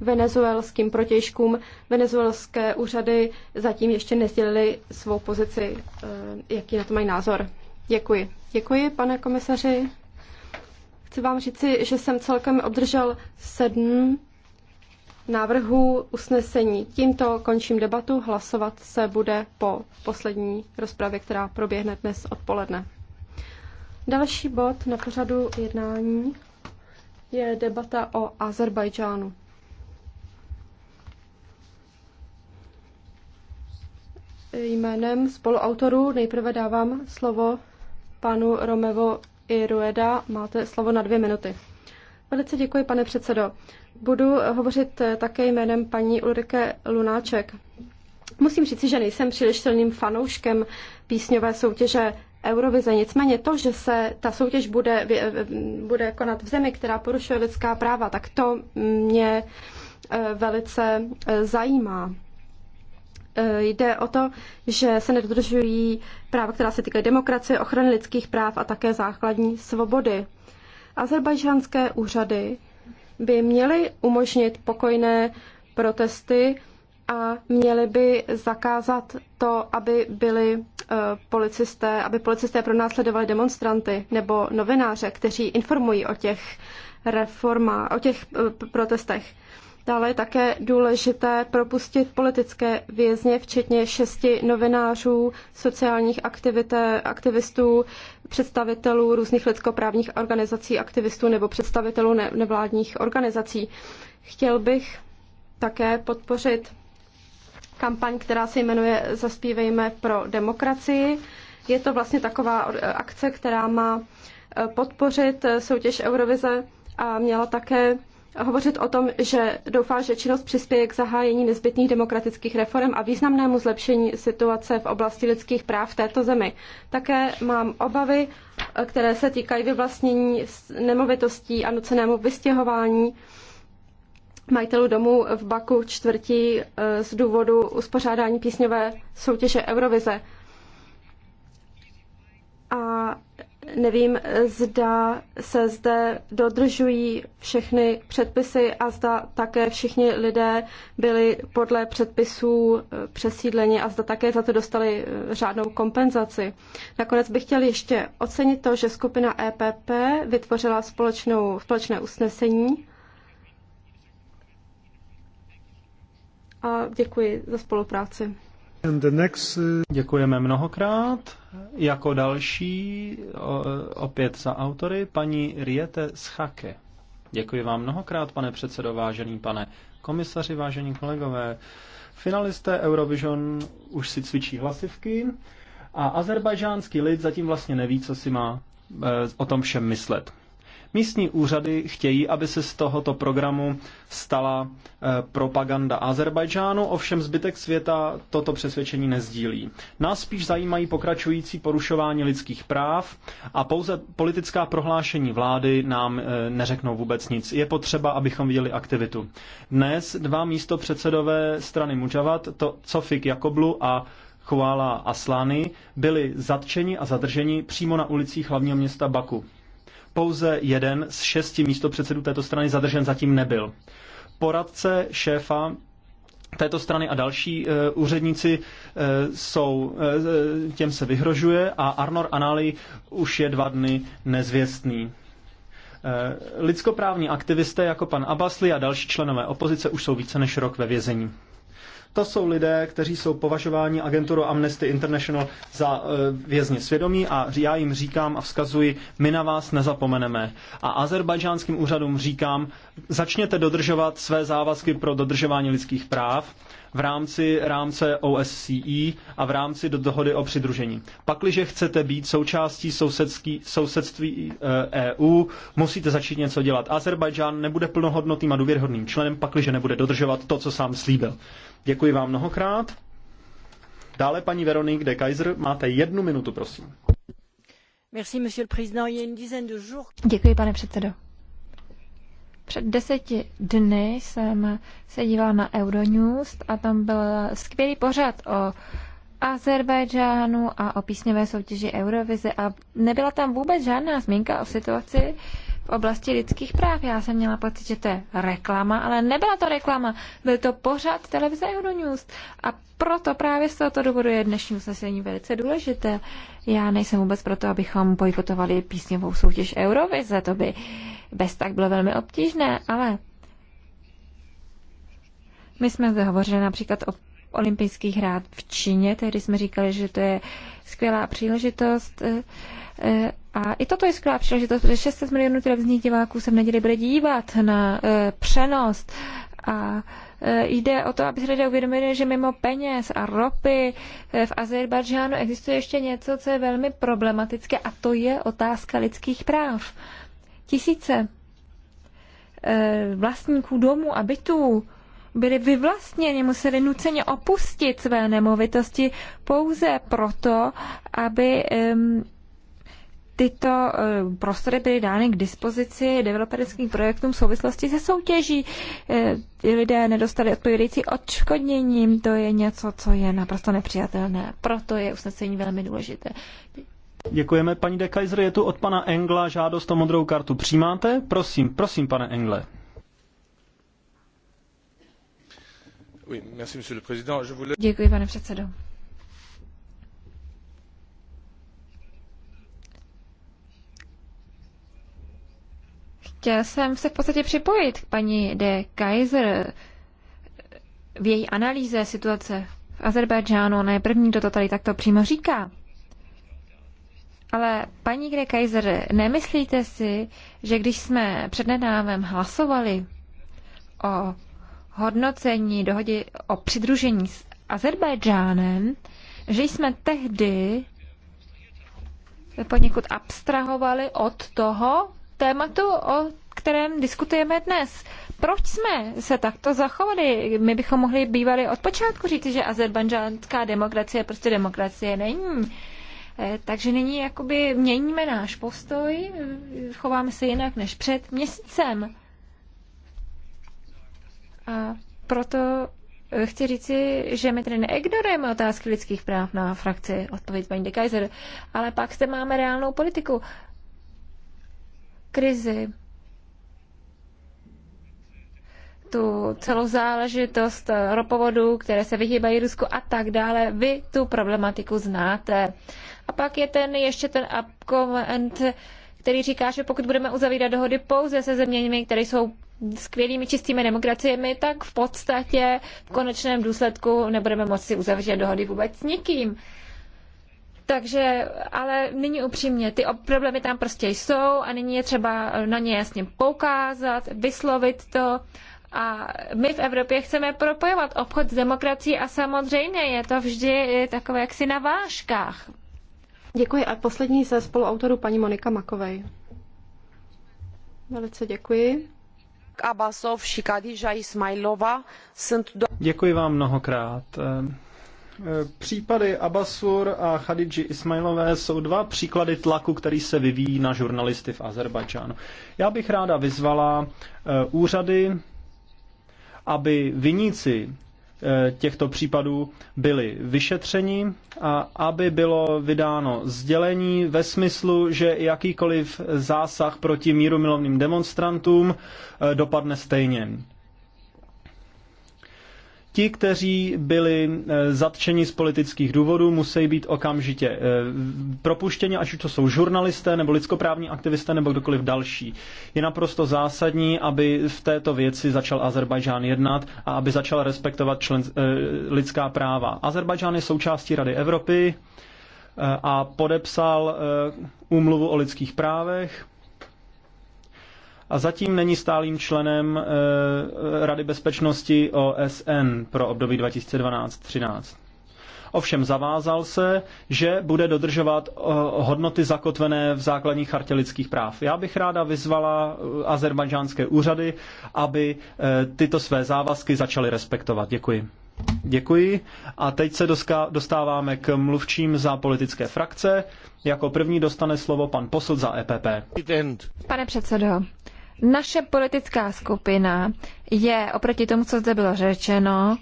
venezuelským protějškům. Venezuelské úřady zatím ještě nezdělili svou pozici, eh, jaký na to mají názor. Děkuji. Děkuji, pane komisaři. Chci vám říci, že jsem celkem obdržel sedm návrhů usnesení. Tímto končím debatu. Hlasovat se bude po poslední rozpravě, která proběhne dnes odpoledne. Další bod na pořadu jednání je debata o Azerbajdžánu. jménem spoluautorů. Nejprve dávám slovo panu Romevo Irueda. Máte slovo na dvě minuty. Velice děkuji, pane předsedo. Budu hovořit také jménem paní Ulrike Lunáček. Musím říci, že nejsem příliš silným fanouškem písňové soutěže Eurovize. Nicméně to, že se ta soutěž bude, bude konat v zemi, která porušuje lidská práva, tak to mě eh, velice eh, zajímá. E, jde o to, že se nedodržují práva, která se týkají demokracie, ochrany lidských práv a také základní svobody. Azerbajžanské úřady by měly umožnit pokojné protesty a měly by zakázat to, aby byli e, policisté, aby policisté pronásledovali demonstranty nebo novináře, kteří informují o těch reformách, o těch e, protestech. Dále je také důležité propustit politické vězně, včetně šesti novinářů, sociálních aktivité, aktivistů, představitelů různých lidskoprávních organizací, aktivistů nebo představitelů nevládních organizací. Chtěl bych také podpořit kampaň, která se jmenuje Zaspívejme pro demokracii. Je to vlastně taková akce, která má eh, podpořit eh, soutěž Eurovize a měla také hovořit o tom, že doufá, že činnost přispěje k zahájení nezbytných demokratických reform a významnému zlepšení situace v oblasti lidských práv v této zemi. Také mám obavy, které se týkají vyvlastnění nemovitostí a nucenému vystěhování majitelů domů v Baku čtvrtí eh, z důvodu uspořádání písňové soutěže Eurovize. Nevím, zda se zde dodržují všechny předpisy a zda také všichni lidé byli podle předpisů eh, přesídleni a zda také za to dostali eh, řádnou kompenzaci. Nakonec bych chtěl ještě ocenit to, že skupina EPP vytvořila společnou, společné usnesení. A děkuji za spolupráci. Uh, Děkujeme mnohokrát. Jako další, opět za autory, paní Riete Schake. Děkuji vám mnohokrát, pane předsedo, vážený pane komisaři, vážení kolegové. Finalisté Eurovision už si cvičí hlasivky a azerbajžánský lid zatím vlastně neví, co si má eh, o tom všem myslet. Místní úřady chtějí, aby se z tohoto programu stala eh, propaganda Azerbajdžánu, ovšem zbytek světa toto přesvědčení nezdílí. Nás spíš zajímají pokračující porušování lidských práv a pouze politická prohlášení vlády nám eh, neřeknou vůbec nic. Je potřeba, abychom viděli aktivitu. Dnes dva místo předsedové strany Mujavat, to Cofik Jakoblu a Chouala Aslany byli zatčeni a zadrženi přímo na ulicích hlavního města Baku pouze jeden z šesti místopředsedů této strany zadržen zatím nebyl. Poradce šéfa této strany a další uh, úředníci uh, jsou, uh, těm se vyhrožuje a Arnor Anali už je dva dny nezvěstný. Lidskoprávní aktivisté jako pan Abasli a další členové opozice už jsou více než rok ve vězení. To jsou lidé, kteří jsou považováni agenturou Amnesty International za eh, vězně svědomí a já jim říkám a vzkazuji, my na vás nezapomeneme. A azerbajdžánským úřadům říkám, začněte dodržovat své závazky pro dodržování lidských práv v rámci rámce OSCE a v rámci do dohody o přidružení. Pakliže chcete být součástí sousedský, sousedství EU, eh, e musíte začít něco dělat. Azerbajdžán nebude plnohodnotným a důvěrhodným členem, pakliže nebude dodržovat to, co sám slíbil. Děkuji vám mnohokrát. Dále paní Veronik de Kaiser, máte jednu minutu, prosím. Děkuji, pane předsedo. Před deseti dny jsem se dívala na Euronews a tam byl skvělý pořad o Azerbajdžánu a o písňové soutěži Eurovize a nebyla tam vůbec žádná zmínka o situaci v oblasti lidských práv. Já jsem měla pocit, že to je reklama, ale nebyla to reklama, byl to pořad televize Euronews. A proto právě z tohoto důvodu je dnešní usnesení velice důležité. Já nejsem vůbec proto, abychom bojkotovali písňovou soutěž Eurovize, to by bez tak bylo velmi obtížné, ale my jsme zde hovořili například o olympijských hrát v Číně, tehdy jsme říkali, že to je skvělá příležitost eh, eh, a i toto je skvělá příležitost, protože 600 milionů televizních diváků se v neděli bude dívat na eh, přenos a jde o to, aby se lidé uvědomili, že mimo peněz a ropy v Azerbajdžánu existuje ještě něco, co je velmi problematické a to je otázka lidských práv. Tisíce eh, vlastníků domů a bytů byli vyvlastněni, museli nuceně opustit své nemovitosti pouze proto, aby tyto eh, prostory byly dány k dispozici developerským projektům v souvislosti se soutěží. Eh, lidé nedostali odpovědějící odškodněním, to je něco, co je naprosto nepřijatelné. Proto je usnesení velmi důležité. Děkujeme, paní de Kaiser. Je tu od pana Engla žádost o modrou kartu. Přijímáte? Prosím, prosím, pane Engle. Děkuji, pane předsedo. Chtěl jsem se v podstatě připojit k paní de Kaiser v její analýze situace v Azerbajdžánu. je první, kdo to tady takto přímo říká. Ale paní Gre Kaiser, nemyslíte si, že když jsme před nedávem hlasovali o hodnocení dohody o přidružení s Azerbajdžánem, že jsme tehdy poněkud abstrahovali od toho tématu, o kterém diskutujeme dnes. Proč jsme se takto zachovali? My bychom mohli bývali od počátku říct, že azerbajdžánská demokracie prostě demokracie není Eh, takže nyní jakoby měníme náš postoj, eh, chováme se jinak než před měsícem. A proto eh, chci říci, že my tedy neignorujeme otázky lidských práv na frakci, odpověď paní de Kaiser, ale pak zde máme reálnou politiku, krizi, tu celou záležitost eh, ropovodů, které se vyhýbají Rusku a tak dále. Vy tu problematiku znáte. A pak je ten ještě ten upcomment, který říká, že pokud budeme uzavírat dohody pouze se zeměmi, které jsou skvělými čistými demokraciemi, tak v podstatě v konečném důsledku nebudeme moci uzavřít dohody vůbec s nikým. Takže, ale nyní upřímně, ty problémy tam prostě jsou a nyní je třeba na ně jasně poukázat, vyslovit to a my v Evropě chceme propojovat obchod s demokracií a samozřejmě je to vždy takové jaksi na vážkách. Děkuji a poslední se spoluautoru paní Monika Makovej. Velice děkuji. Abasov și Kadija Ismailova Děkuji vám mnohokrát. Eh, eh, případy Abasur a Khadidži Ismailové jsou dva příklady tlaku, který se vyvíjí na žurnalisty v Azerbajdžánu. Já bych ráda vyzvala eh, úřady aby viníci eh, těchto případů byli vyšetřeni a aby bylo vydáno sdělení ve smyslu, že jakýkoliv zásah proti mírumilovným demonstrantům eh, dopadne stejně. Ti, kteří byli eh, zatčeni z politických důvodů, musí být okamžitě eh, propuštěni, ať už to jsou žurnalisté nebo lidskoprávní aktivisté nebo kdokoliv další. Je naprosto zásadní, aby v této věci začal Azerbajdžán jednat a aby začal respektovat člen, eh, lidská práva. Azerbajdžán je součástí Rady Evropy a podepsal úmluvu o lidských právech a zatím není stálým členem eh, Rady bezpečnosti OSN pro období 2012-13. Ovšem zavázal se, že bude dodržovat eh, hodnoty zakotvené v základní chartě lidských práv. Já bych ráda vyzvala eh, azerbajdžánské úřady, aby tyto své závazky začaly respektovat. Děkuji. Děkuji. A teď se dostáváme k mluvčím za politické frakce. Jako první dostane slovo pan posl za EPP. Pane předsedo, naše politická skupina je, oproti tomu, co zde bylo řečeno,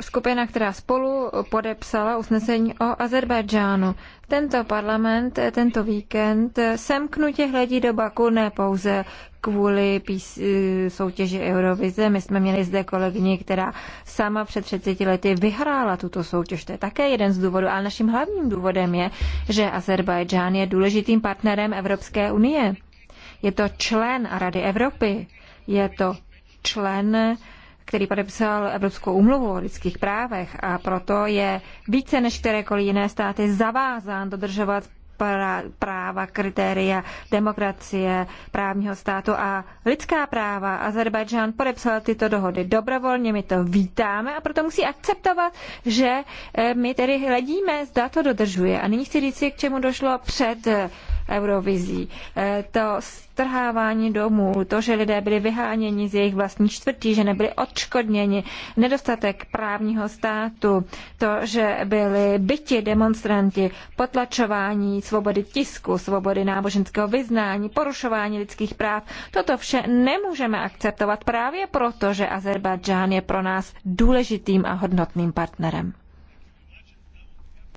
skupina, která spolu podepsala usnesení o Azerbajdžánu. Tento parlament tento víkend semknutě hledí do Baku ne pouze kvůli pís- eh, soutěži Eurovize. My jsme měli zde kolegyni, která sama před 30 lety vyhrála tuto soutěž. To je také jeden z důvodů, ale naším hlavním důvodem je, že Azerbajdžán je důležitým partnerem Evropské unie. Je to člen Rady Evropy, je to člen, který podepsal Evropskou umluvu o lidských právech a proto je více než kterékoliv jiné státy zavázán dodržovat práva, kritéria demokracie, právního státu a lidská práva. Azerbajdžán podepsal tyto dohody dobrovolně, my to vítáme a proto musí akceptovat, že eh, my tedy hledíme, zda to dodržuje. A nyní chci říct, k čemu došlo před eh, Eurovizí. Eh, to strhávání domů, to, že lidé byli vyháněni z jejich vlastní čtvrtí, že nebyli odškodněni, nedostatek právního státu, to, že byli byti demonstranti, potlačování svobody tisku, svobody náboženského vyznání, porušování lidských práv, toto vše nemůžeme akceptovat právě proto, že Azerbajdžán je pro nás důležitým a hodnotným partnerem.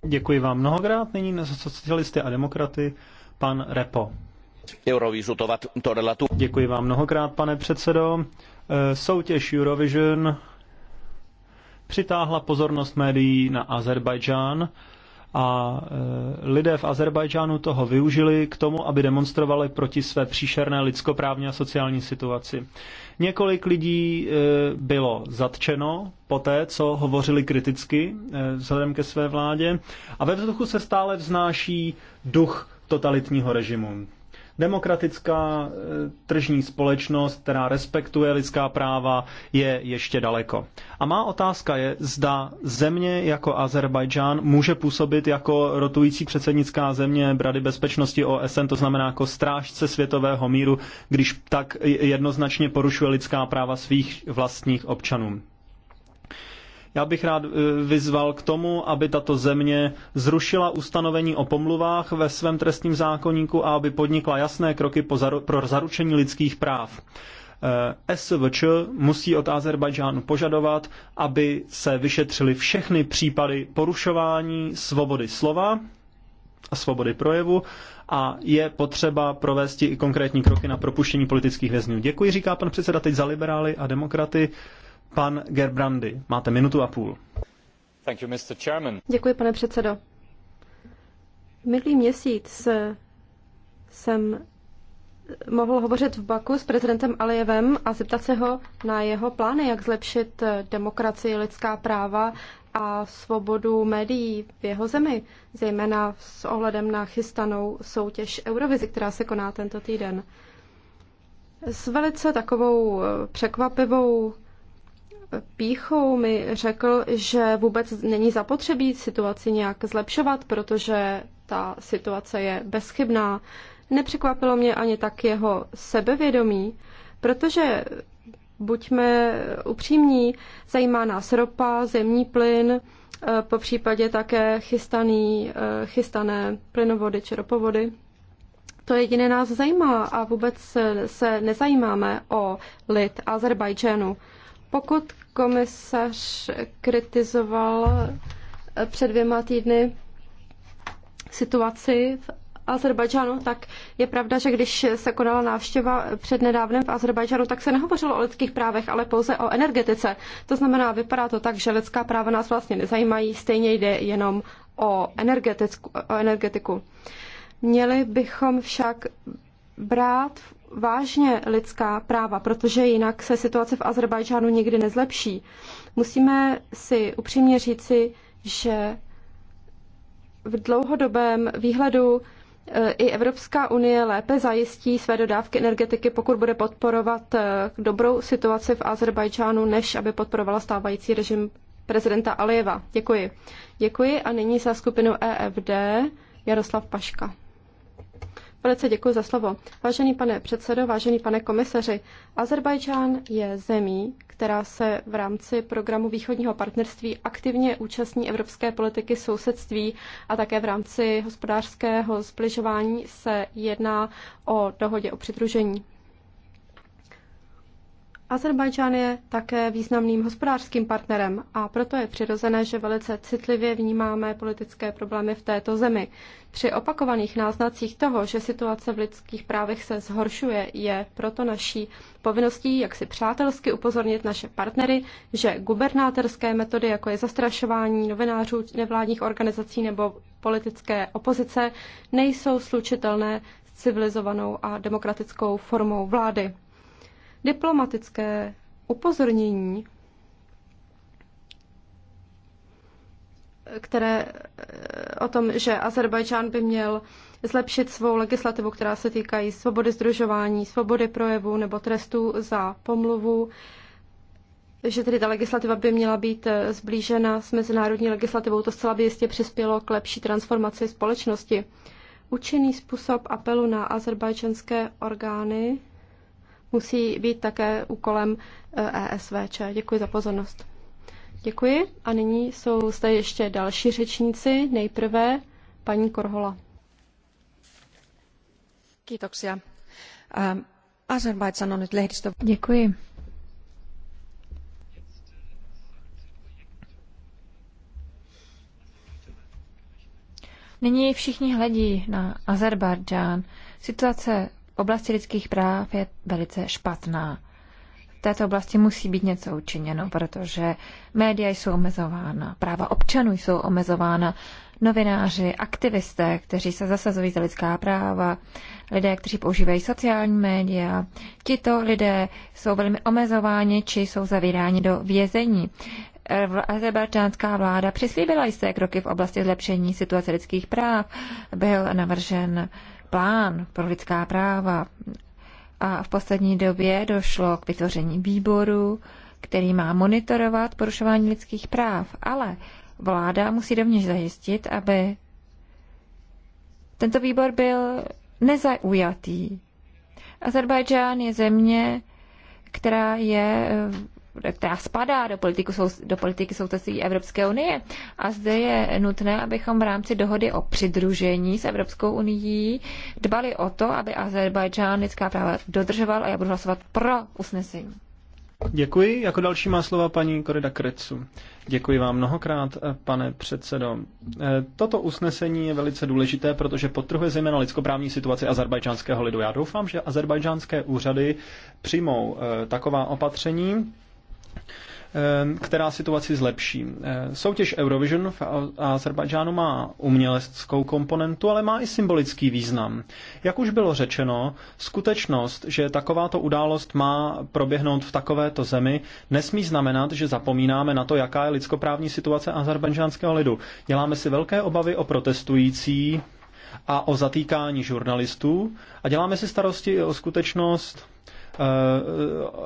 Děkuji vám mnohokrát. Nyní na socialisty a demokraty pan Repo. Děkuji vám mnohokrát, pane předsedo. Eh, soutěž Eurovision přitáhla pozornost médií na Azerbajdžán a eh, lidé v Azerbajdžánu toho využili k tomu, aby demonstrovali proti své příšerné lidskoprávní a sociální situaci. Několik lidí eh, bylo zatčeno poté, co hovořili kriticky vzhledem ke své vládě a ve vzduchu se stále vznáší duch totalitního režimu. Demokratická e, tržní společnost, která respektuje lidská práva, je ještě daleko. A má otázka je, zda země jako Azerbajdžán může působit jako rotující předsednická země Brady bezpečnosti OSN, to znamená jako strážce světového míru, když tak jednoznačně porušuje lidská práva svých vlastních občanů. Já bych rád eh, vyzval k tomu, aby tato země zrušila ustanovení o pomluvách ve svém trestním zákoníku a aby podnikla jasné kroky pro zaručení lidských práv. Eh, SVČ musí od Azerbajdžánu požadovat, aby se vyšetřili všechny případy porušování svobody slova a svobody projevu a je potřeba provést i konkrétní kroky na propuštění politických vězňů. Děkuji, říká pan předseda teď za liberály a demokraty. Pan Gerbrandy, máte minutu a půl. Děkuji, pane předsedo. Minulý měsíc jsem mohl hovořit v Baku s prezidentem Alijevem a zeptat se ho na jeho plány, jak zlepšit demokracii, lidská práva a svobodu médií v jeho zemi, zejména s ohledem na chystanou soutěž Eurovizi, která se koná tento týden. S velice takovou překvapivou píchou mi řekl, že vůbec není zapotřebí situaci nějak zlepšovat, protože ta situace je bezchybná. Nepřekvapilo mě ani tak jeho sebevědomí, protože buďme upřímní, zajímá nás ropa, zemní plyn, eh, po případě také chystaný, eh, chystané plynovody či ropovody. To jediné nás zajímá a vůbec se nezajímáme o lid Azerbajdžánu. Pokud komisař kritizoval eh, před dvěma týdny situaci v Azerbajdžánu, tak je pravda, že když se konala návštěva před nedávnem v Azerbajdžánu, tak se nehovořilo o lidských právech, ale pouze o energetice. To znamená, vypadá to tak, že lidská práva nás vlastně nezajímají, stejně jde jenom o, energetiku. Měli bychom však brát v vážně lidská práva, protože jinak se situace v Azerbajdžánu nikdy nezlepší. Musíme si upřímně říci, že v dlouhodobém výhledu eh, i Evropská unie lépe zajistí své dodávky energetiky, pokud bude podporovat eh, dobrou situaci v Azerbajdžánu, než aby podporovala stávající režim prezidenta Alijeva. Děkuji. Děkuji a nyní za skupinu EFD Jaroslav Paška. Velice děkuji za slovo. Vážený pane předsedo, vážený pane komisaři, Azerbajdžán je zemí, která se v rámci programu východního partnerství aktivně účastní evropské politiky sousedství a také v rámci hospodářského zbližování se jedná o dohodě o přidružení. Azerbajdžán je také významným hospodářským partnerem a proto je přirozené, že velice citlivě vnímáme politické problémy v této zemi. Při opakovaných náznacích toho, že situace v lidských právech se zhoršuje, je proto naší povinností, jak si přátelsky upozornit naše partnery, že gubernátorské metody, jako je zastrašování novinářů, nevládních organizací nebo politické opozice, nejsou slučitelné s civilizovanou a demokratickou formou vlády diplomatické upozornění, které eh, o tom, že Azerbajdžán by měl zlepšit svou legislativu, která se týkají svobody združování, svobody projevu nebo trestu za pomluvu, že tedy ta legislativa by měla být eh, zblížena s mezinárodní legislativou, to zcela by jistě přispělo k lepší transformaci společnosti. Učený způsob apelu na azerbajdžanské orgány musí být také úkolem ESVČ. Eh, e Děkuji za pozornost. Děkuji a nyní jsou zde ještě další řečníci. Nejprve paní Korhola. Kiitoksia. Eh, Azerbaidžan on nyt lehdistö... Děkuji. Nyní všichni hledí na Azerbajdžán. Situace v oblasti lidských práv je velice špatná. V této oblasti musí být něco učiněno, protože média jsou omezována, práva občanů jsou omezována, novináři, aktivisté, kteří se zasazují za lidská práva, lidé, kteří používají sociální média. Tito lidé jsou velmi omezováni či jsou zavíráni do vězení. Azerbajdžánská vláda přislíbila jisté kroky v oblasti zlepšení situace lidských práv. Byl navržen plán pro lidská práva. A v poslední době došlo k vytvoření výboru, který má monitorovat porušování lidských práv. Ale vláda musí rovněž zajistit, aby tento výbor byl nezaujatý. Azerbajdžán je země, která je která spadá do, politiky, do politiky sousedství Evropské unie. A zde je nutné, abychom v rámci dohody o přidružení s Evropskou unii dbali o to, aby Azerbajdžán lidská práva dodržoval a já budu hlasovat pro usnesení. Děkuji. Jako další má slova paní Korida Krecu. Děkuji vám mnohokrát, pane předsedo. Eh, toto usnesení je velice důležité, protože potrhuje zejména lidskoprávní situaci azerbajdžánského lidu. Já doufám, že azerbajdžánské úřady přijmou eh, taková opatření, Ehm, která situaci zlepší. Ehm, soutěž Eurovision v Azerbajdžánu má uměleckou komponentu, ale má i symbolický význam. Jak už bylo řečeno, skutečnost, že takováto událost má proběhnout v takovéto zemi, nesmí znamenat, že zapomínáme na to, jaká je lidskoprávní situace azerbajdžánského lidu. Děláme si velké obavy o protestující a o zatýkání žurnalistů a děláme si starosti i o skutečnost, Eh,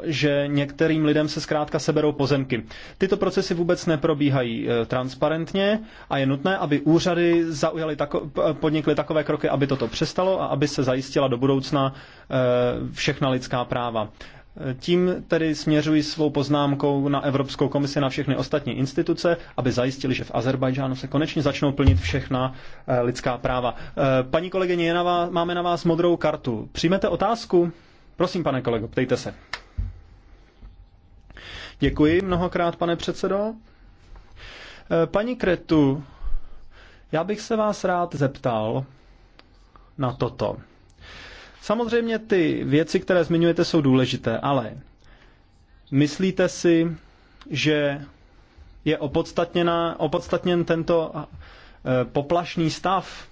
že některým lidem se zkrátka seberou pozemky. Tyto procesy vůbec neprobíhají eh, transparentně a je nutné, aby úřady zaujali tako, podnikly takové kroky, aby toto přestalo a aby se zajistila do budoucna eh, všechna lidská práva. Tím tedy směřuji svou poznámkou na Evropskou komisi na všechny ostatní instituce, aby zajistili, že v Azerbajdžánu se konečně začnou plnit všechna lidská práva. Paní kolegyně, máme na vás modrou kartu. Přijmete otázku? Prosím, pane kolego, ptejte se. Děkuji mnohokrát, pane předsedo. Eh, paní Kretu, já bych se vás rád zeptal na toto. Samozřejmě ty věci, které zmiňujete, jsou důležité, ale myslíte si, že je opodstatněn tento eh, poplašný stav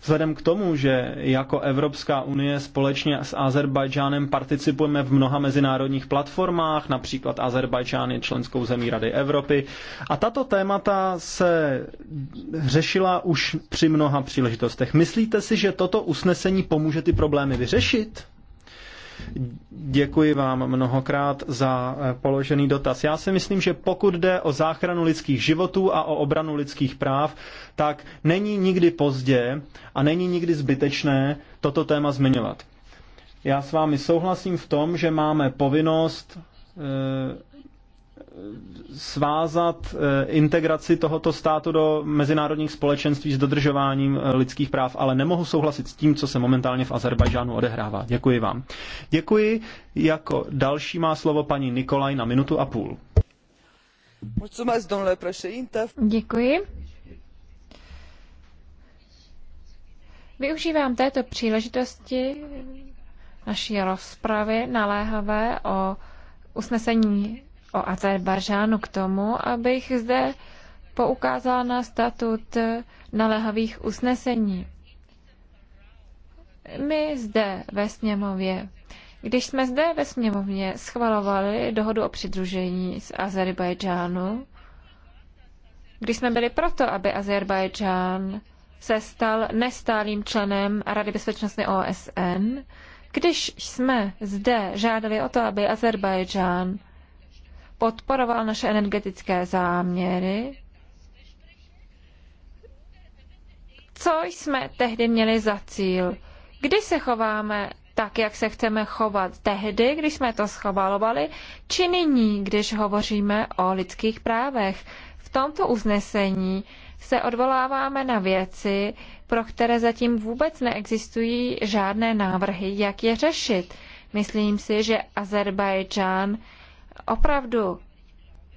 Vzhledem k tomu, že jako Evropská unie společně s Azerbajdžánem participujeme v mnoha mezinárodních platformách, například Azerbajdžán je členskou zemí Rady Evropy, a tato témata se řešila už při mnoha příležitostech. Myslíte si, že toto usnesení pomůže ty problémy vyřešit? Děkuji vám mnohokrát za eh, položený dotaz. Já si myslím, že pokud jde o záchranu lidských životů a o obranu lidských práv, tak není nikdy pozdě a není nikdy zbytečné toto téma zmiňovat. Já s vámi souhlasím v tom, že máme povinnost eh, svázat eh, integraci tohoto státu do mezinárodních společenství s dodržováním eh, lidských práv, ale nemohu souhlasit s tím, co se momentálně v Azerbajžánu odehrává. Děkuji vám. Děkuji. Jako další má slovo paní Nikolaj na minutu a půl. Děkuji. Využívám této příležitosti naší rozpravy naléhavé o usnesení o Azerbažánu k tomu, abych zde poukázala na statut naléhavých usnesení. My zde ve sněmově, když jsme zde ve sněmovně schvalovali dohodu o přidružení z Azerbajdžánu, když jsme byli proto, aby Azerbajdžán se stal nestálým členem Rady bezpečnosti OSN, když jsme zde žádali o to, aby Azerbajdžán podporoval naše energetické záměry. Co jsme tehdy měli za cíl? Kdy se chováme tak, jak se chceme chovat tehdy, když jsme to schovalovali, či nyní, když hovoříme o lidských právech. V tomto uznesení se odvoláváme na věci, pro které zatím vůbec neexistují žádné návrhy, jak je řešit. Myslím si, že Azerbajdžán opravdu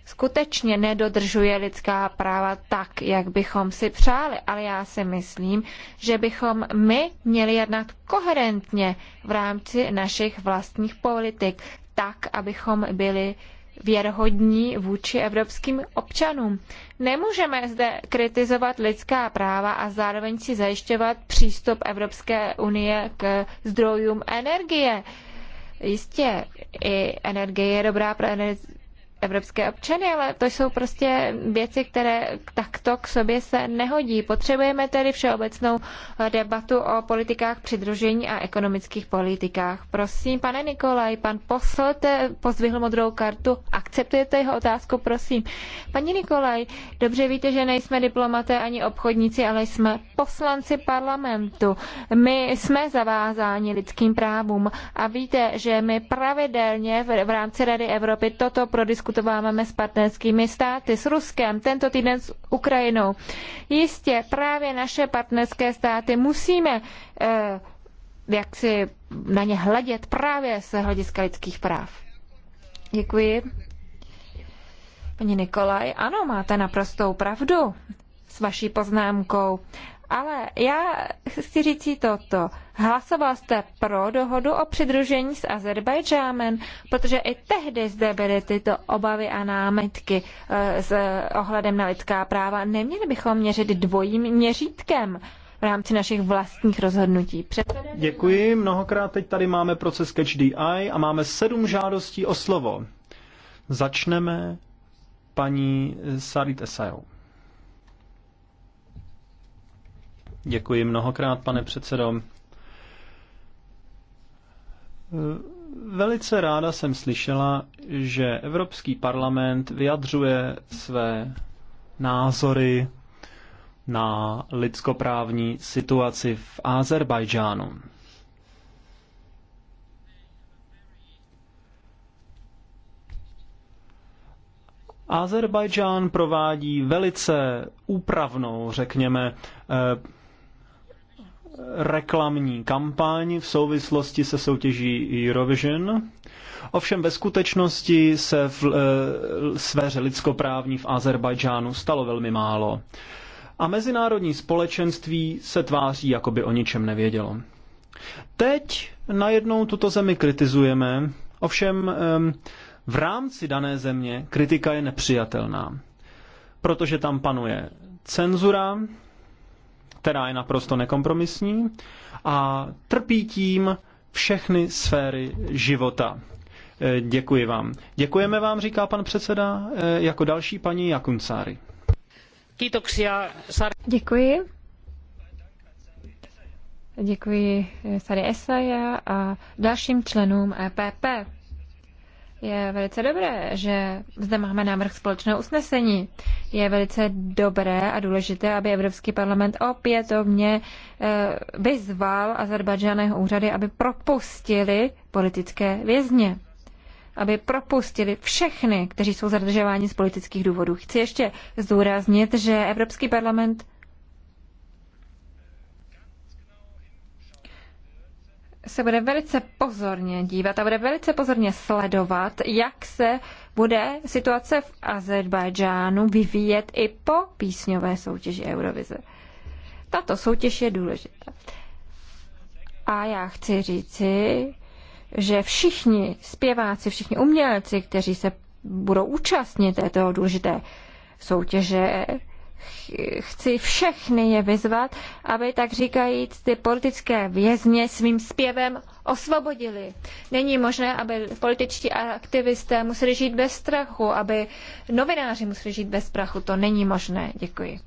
skutečně nedodržuje lidská práva tak, jak bychom si přáli, ale já si myslím, že bychom my měli jednat koherentně v rámci našich vlastních politik, tak, abychom byli věrhodní vůči evropským občanům. Nemůžeme zde kritizovat lidská práva a zároveň si zajišťovat přístup Evropské unie k zdrojům energie. Jistě i energie je dobrá pro energi- evropské občany, ale to jsou prostě věci, které takto k sobě se nehodí. Potřebujeme tedy všeobecnou debatu o politikách přidružení a ekonomických politikách. Prosím, pane Nikolaj, pan posl pozvihl modrou kartu. Akceptujete jeho otázku, prosím. Paní Nikolaj, dobře víte, že nejsme diplomaté ani obchodníci, ale jsme poslanci parlamentu. My jsme zavázáni lidským právům a víte, že my pravidelně v rámci Rady Evropy toto prodiskutujeme diskutováváme s partnerskými státy, s Ruskem, tento týden s Ukrajinou. Jistě právě naše partnerské státy musíme eh, jak si na ně hledět právě z hlediska lidských práv. Děkuji. Pani Nikolaj, ano, máte naprostou pravdu s vaší poznámkou. Ale já chci říct si toto. Hlasoval jste pro dohodu o přidružení s Azerbajdžánem, protože i tehdy zde byly tyto obavy a námitky eh, s ohledem na lidská práva. Neměli bychom měřit dvojím měřítkem v rámci našich vlastních rozhodnutí. Předpadem... Děkuji. Mnohokrát teď tady máme proces Catch a máme sedm žádostí o slovo. Začneme paní Sarit Esajou. Děkuji mnohokrát, pane předsedo. Velice ráda jsem slyšela, že Evropský parlament vyjadřuje své názory na lidskoprávní situaci v Azerbajdžánu. Azerbajdžán provádí velice úpravnou, řekněme, eh, reklamní kampaň v souvislosti se soutěží Eurovision. Ovšem ve skutečnosti se v e, sféře lidskoprávní v Azerbajdžánu stalo velmi málo. A mezinárodní společenství se tváří, jako by o ničem nevědělo. Teď najednou tuto zemi kritizujeme, ovšem e, v rámci dané země kritika je nepřijatelná, protože tam panuje cenzura, která je naprosto nekompromisní a trpí tím všechny sféry života. Eh, děkuji vám. Děkujeme vám, říká pan předseda, eh, jako další paní Jakuncári. Děkuji. Děkuji eh, Sary Esaja a dalším členům EPP. Je velice dobré, že zde máme návrh společného usnesení. Je velice dobré a důležité, aby Evropský parlament opětovně eh, vyzval Azerbajdžánského úřady, aby propustili politické vězně aby propustili všechny, kteří jsou zadržováni z politických důvodů. Chci ještě zdůraznit, že Evropský parlament se bude velice pozorně dívat a bude velice pozorně sledovat, jak se bude situace v Azerbajdžánu vyvíjet i po písňové soutěži Eurovize. Tato soutěž je důležitá. A já chci říci, že všichni zpěváci, všichni umělci, kteří se budou účastnit této důležité soutěže, chci všechny je vyzvat, aby tak říkajíc ty politické vězně svým zpěvem osvobodili. Není možné, aby političtí aktivisté museli žít bez strachu, aby novináři museli žít bez strachu. To není možné. Děkuji.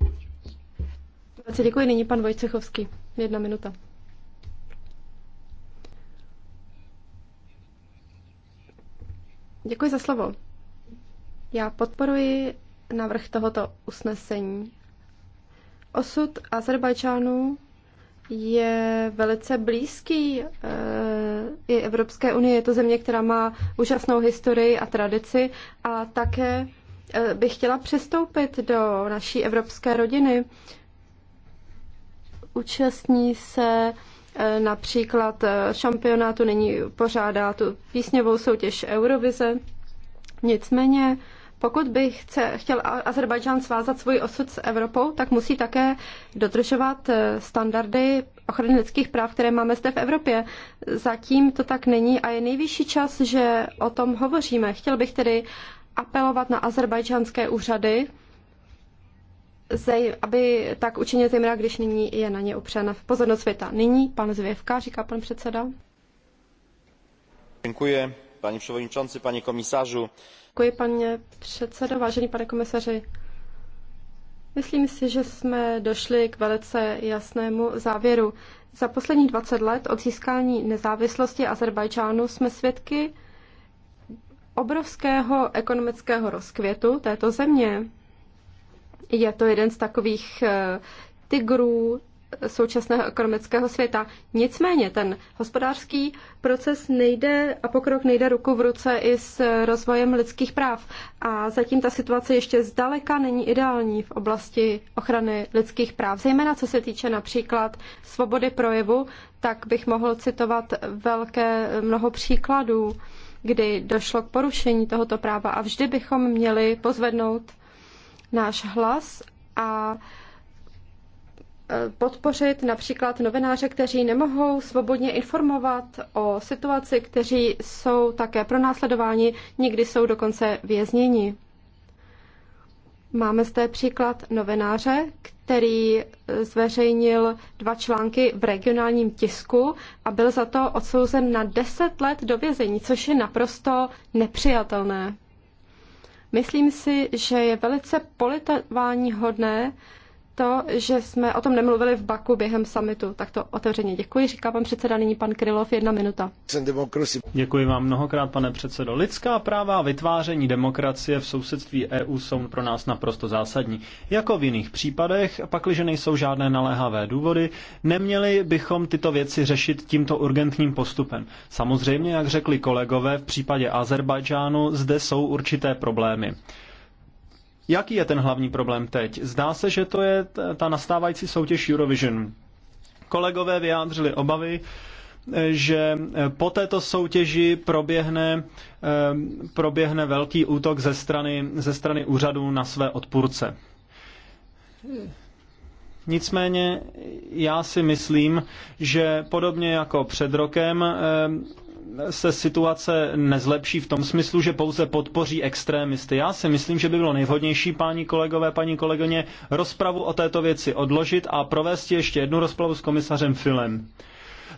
Děkuji. Nyní pan Vojcechovský. Jedna minuta. Děkuji za slovo. Já podporuji návrh tohoto usnesení. Osud Azerbajdžánu je velice blízký eh, i Evropské unie. Je to země, která má úžasnou historii a tradici a také eh, bych chtěla přestoupit do naší evropské rodiny. Účastní se eh, například šampionátu, nyní pořádá tu písňovou soutěž Eurovize. Nicméně pokud by chce, chtěl Azerbajdžán svázat svůj osud s Evropou, tak musí také dodržovat eh, standardy ochrany lidských práv, které máme zde v Evropě. Zatím to tak není a je nejvyšší čas, že o tom hovoříme. Chtěl bych tedy apelovat na azerbajdžánské úřady, aby tak učinil zejména, když nyní je na ně upřena pozornost světa. Nyní pan Zvěvka, říká pan předseda. Děkuji Pane předsedající, pane komisařu. Děkuji, pane předsedo, vážený pane komisaři. Myslím si, že jsme došli k velice jasnému závěru. Za poslední 20 let od získání nezávislosti Azerbajdžánu jsme svědky obrovského ekonomického rozkvětu této země. Je to jeden z takových eh, tigrů současného ekonomického světa. Nicméně ten hospodářský proces nejde a pokrok nejde ruku v ruce i s rozvojem lidských práv. A zatím ta situace ještě zdaleka není ideální v oblasti ochrany lidských práv. Zejména co se týče například svobody projevu, tak bych mohl citovat velké mnoho příkladů, kdy došlo k porušení tohoto práva a vždy bychom měli pozvednout náš hlas a podpořit například novináře, kteří nemohou svobodně informovat o situaci, kteří jsou také pronásledováni, někdy jsou dokonce vězněni. Máme zde příklad novináře, který zveřejnil dva články v regionálním tisku a byl za to odsouzen na 10 let do vězení, což je naprosto nepřijatelné. Myslím si, že je velice politování hodné, to, že jsme o tom nemluvili v Baku během summitu. Tak to otevřeně děkuji, říká pan předseda, nyní pan Krylov, jedna minuta. Děkuji vám mnohokrát, pane předsedo. Lidská práva a vytváření demokracie v sousedství EU jsou pro nás naprosto zásadní. Jako v jiných případech, pakliže nejsou žádné naléhavé důvody, neměli bychom tyto věci řešit tímto urgentním postupem. Samozřejmě, jak řekli kolegové, v případě Azerbajdžánu zde jsou určité problémy. Jaký je ten hlavní problém teď? Zdá se, že to je ta nastávající soutěž Eurovision. Kolegové vyjádřili obavy, eh, že eh, po této soutěži proběhne, eh, proběhne velký útok ze strany, ze strany úřadů na své odpůrce. Nicméně já si myslím, že podobně jako před rokem se situace nezlepší v tom smyslu, že pouze podpoří extrémisty. Já si myslím, že by bylo nejvhodnější, páni kolegové, paní kolegyně, rozpravu o této věci odložit a provést ještě jednu rozpravu s komisařem Filem.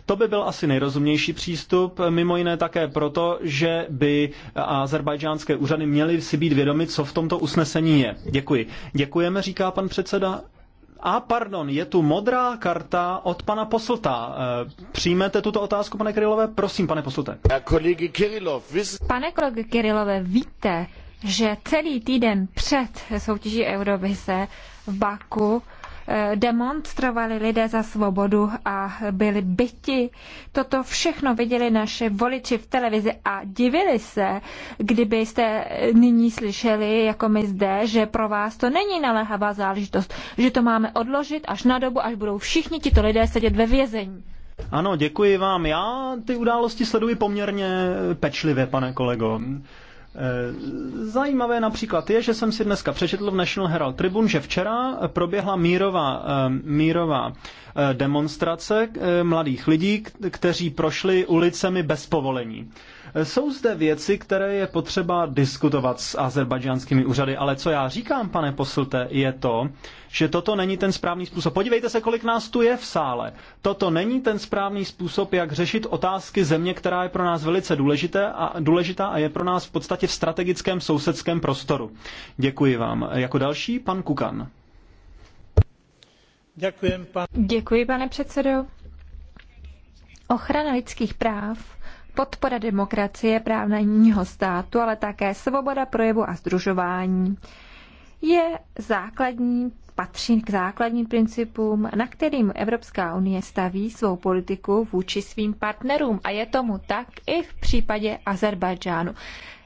To by byl asi nejrozumější přístup, mimo jiné také proto, že by azerbajdžánské úřady měly si být vědomi, co v tomto usnesení je. Děkuji. Děkujeme, říká pan předseda. A pardon, je tu modrá karta od pana Poslta. E, přijmete tuto otázku, pane Kirilové? Prosím, pane Poslte. Pane kolegy Kirilové, víte, že celý týden před soutěží Eurovise v Baku Eh, demonstrovali lidé za svobodu a byli byti. Toto všechno viděli naše voliči v televizi a divili se, kdybyste nyní slyšeli, jako my zde, že pro vás to není naléhavá záležitost, že to máme odložit až na dobu, až budou všichni tito lidé sedět ve vězení. Ano, děkuji vám. Já ty události sleduji poměrně pečlivě, pane kolego. Eh, zajímavé například je, že jsem si dneska přečetl v National Herald Tribune, že včera proběhla mírová, eh, mírová eh, demonstrace mladých lidí, kteří prošli ulicemi bez povolení. Jsou zde věci, které je potřeba diskutovat s azerbajdžánskými úřady, ale co já říkám, pane poslte, je to, že toto není ten správný způsob. Podívejte se, kolik nás tu je v sále. Toto není ten správný způsob, jak řešit otázky země, která je pro nás velice důležité a, důležitá a je pro nás v podstatě v strategickém sousedském prostoru. Děkuji vám. Jako další, pan Kukan. Děkuji, pan... Děkuji pane předsedo. Ochrana lidských práv podpora demokracie, právního státu, ale také svoboda projevu a združování je základní, patří k základním principům, na kterým Evropská unie staví svou politiku vůči svým partnerům. A je tomu tak i v případě Azerbajdžánu.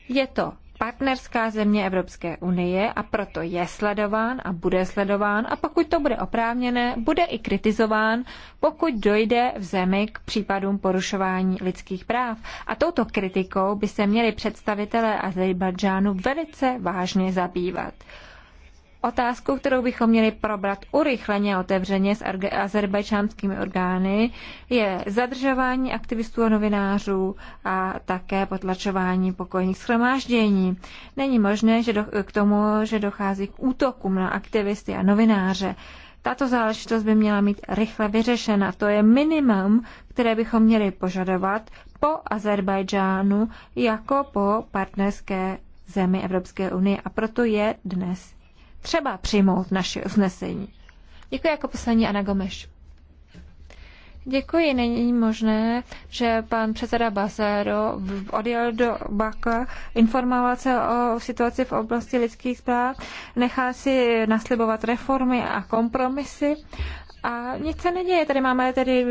Je to partnerská země Evropské unie a proto je sledován a bude sledován a pokud to bude oprávněné, bude i kritizován, pokud dojde v zemi k případům porušování lidských práv. A touto kritikou by se měli představitelé Azerbajdžánu velice vážně zabývat otázkou, kterou bychom měli probrat urychleně a otevřeně s azerbajčánskými orgány, je zadržování aktivistů a novinářů a také potlačování pokojních schromáždění. Není možné, že do, k tomu, že dochází k útokům na aktivisty a novináře. Tato záležitost by měla mít rychle vyřešena. To je minimum, které bychom měli požadovat po Azerbajdžánu jako po partnerské zemi Evropské unie a proto je dnes třeba přijmout naše usnesení. Děkuji jako poslední Ana Gomeš. Děkuji. Není možné, že pan předseda Basero odjel do Baka, informoval se o situaci v oblasti lidských práv, nechal si naslibovat reformy a kompromisy a nic se neděje. Tady máme tedy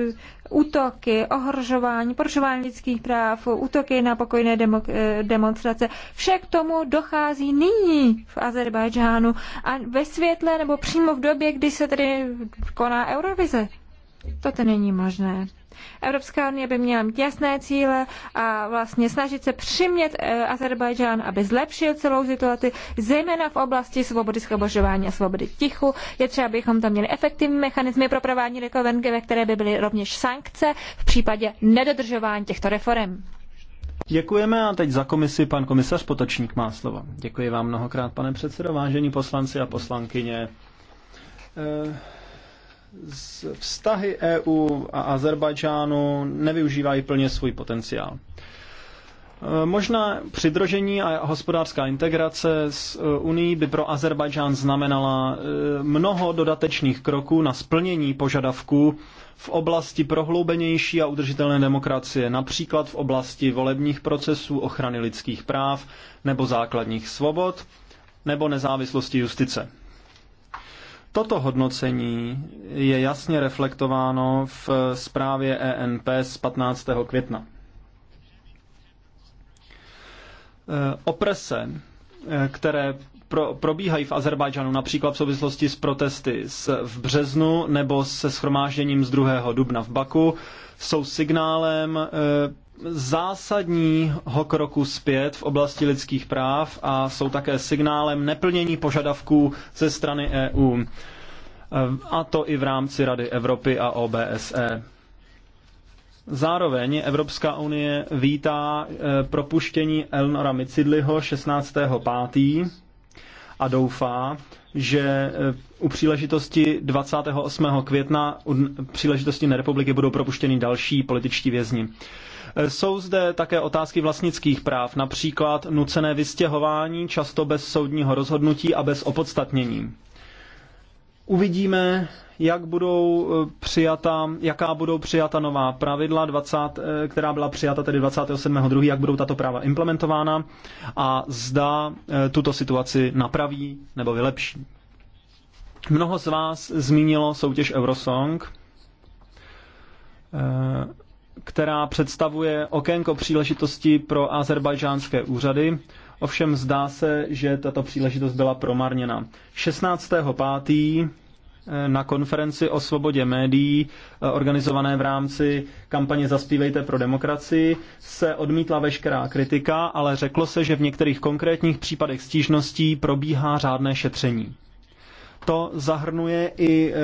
útoky, ohrožování, porušování lidských práv, útoky na pokojné demok- eh, demonstrace. Vše k tomu dochází nyní v Azerbajdžánu a ve světle nebo přímo v době, kdy se tedy koná Eurovize. To není možné. Evropská unie by měla mít jasné cíle a vlastně snažit se přimět eh, Azerbajdžán, aby zlepšil celou situaci, zejména v oblasti svobody schobožování a svobody tichu. Je třeba, abychom tam měli efektivní mechanismy pro provádění rekovenky, ve které by byly rovněž sankce v případě nedodržování těchto reform. Děkujeme a teď za komisi pan komisař Potočník má slovo. Děkuji vám mnohokrát, pane předsedo, vážení poslanci a poslankyně. Eh, vztahy EU a Azerbajdžánu nevyužívají plně svůj potenciál. E, možná přidrožení a hospodářská integrace s e, Unii by pro Azerbajdžán znamenala e, mnoho dodatečných kroků na splnění požadavků v oblasti prohloubenější a udržitelné demokracie, například v oblasti volebních procesů, ochrany lidských práv nebo základních svobod nebo nezávislosti justice. Toto hodnocení je jasně reflektováno v eh, zprávě ENP z 15. května. Eh, oprese, eh, které pro, probíhají v Azerbajdžanu, například v souvislosti s protesty z, v březnu nebo se schromážděním z 2. dubna v Baku, jsou signálem zásadního kroku zpět v oblasti lidských práv a jsou také signálem neplnění požadavků ze strany EU, a to i v rámci Rady Evropy a OBSE. Zároveň Evropská unie vítá e, propuštění Elnora Micidliho 16.5. a doufá, že e, u příležitosti 28. května, u příležitosti republiky budou propuštěni další političtí vězni. Jsou zde také otázky vlastnických práv, například nucené vystěhování, často bez soudního rozhodnutí a bez opodstatnění. Uvidíme, jak budou eh, přijata, jaká budou přijata nová pravidla, 20, eh, která byla přijata tedy 27.2., jak budou tato práva implementována a zda eh, tuto situaci napraví nebo vylepší. Mnoho z vás zmínilo soutěž Eurosong která představuje okénko příležitosti pro azerbajdžánské úřady, ovšem zdá se, že tato příležitost byla promarněna. 16. pátý eh, na konferenci o svobodě médií, eh, organizované v rámci kampaně Zaspívejte pro demokracii, se odmítla veškerá kritika, ale řeklo se, že v některých konkrétních případech stížností probíhá řádné šetření. To zahrnuje i e,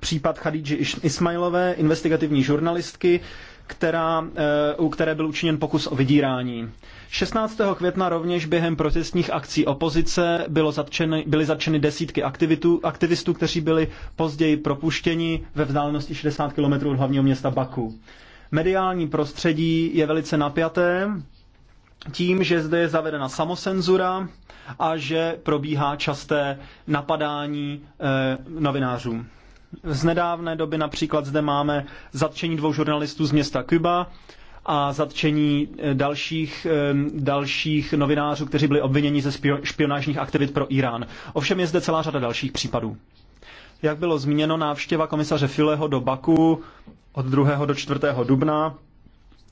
případ Khadidži Ismailové, investigativní žurnalistky, která, e, u které byl učiněn pokus o vydírání. 16. května rovněž během protestních akcí opozice bylo zatčeny, byly zatčeny desítky aktivitu, aktivistů, kteří byli později propuštěni ve vzdálenosti 60 km od hlavního města Baku. Mediální prostředí je velice napjaté tím, že zde je zavedena samosenzura a že probíhá časté napadání eh, novinářů. Z nedávné doby například zde máme zatčení dvou žurnalistů z města Kuba a zatčení eh, dalších, eh, dalších novinářů, kteří byli obviněni ze špionážních aktivit pro Irán. Ovšem je zde celá řada dalších případů. Jak bylo zmíněno, návštěva komisaře Fileho do Baku od 2. do 4. dubna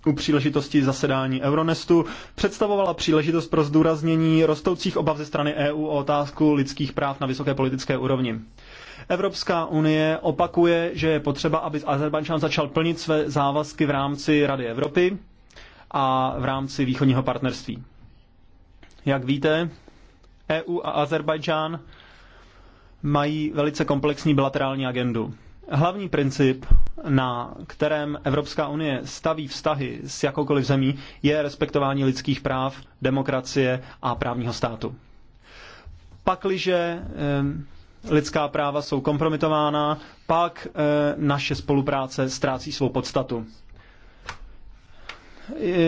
u příležitosti zasedání Euronestu představovala příležitost pro zdůraznění rostoucích obav ze strany EU o otázku lidských práv na vysoké politické úrovni. Evropská unie opakuje, že je potřeba, aby Azerbajdžán začal plnit své závazky v rámci Rady Evropy a v rámci východního partnerství. Jak víte, EU a Azerbajdžán mají velice komplexní bilaterální agendu. Hlavní princip, na kterém Evropská unie staví vztahy s jakoukoliv zemí, je respektování lidských práv, demokracie a právního státu. Pakliže eh, lidská práva jsou kompromitována, pak eh, naše spolupráce ztrácí svou podstatu.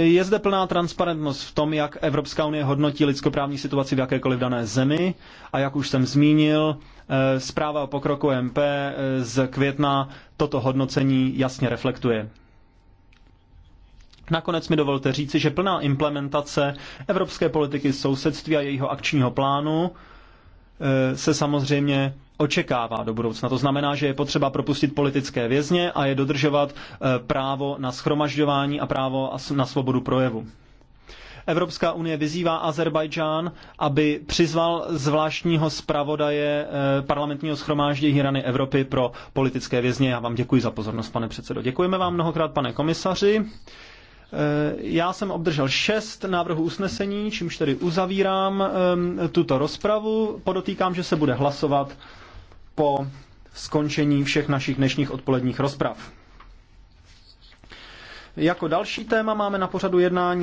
Je zde plná transparentnost v tom, jak Evropská unie hodnotí lidskoprávní situaci v jakékoliv dané zemi a jak už jsem zmínil, Eh, zpráva o pokroku MP eh, z května toto hodnocení jasně reflektuje. Nakonec mi dovolte říci, že plná implementace evropské politiky sousedství a jejího akčního plánu eh, se samozřejmě očekává do budoucna. To znamená, že je potřeba propustit politické vězně a je dodržovat právo na schromažďování a právo na svobodu projevu. Evropská unie vyzývá Azerbajdžán, aby přizval zvláštního zpravodaje eh, parlamentního schromáždění Rany Evropy pro politické vězně. Já vám děkuji za pozornost, pane předsedo. Děkujeme vám mnohokrát, pane komisaři. Eh, já jsem obdržel šest návrhů usnesení, čímž tedy uzavírám eh, tuto rozpravu. Podotýkám, že se bude hlasovat po skončení všech našich dnešních odpoledních rozprav. Jako další téma máme na pořadu jednání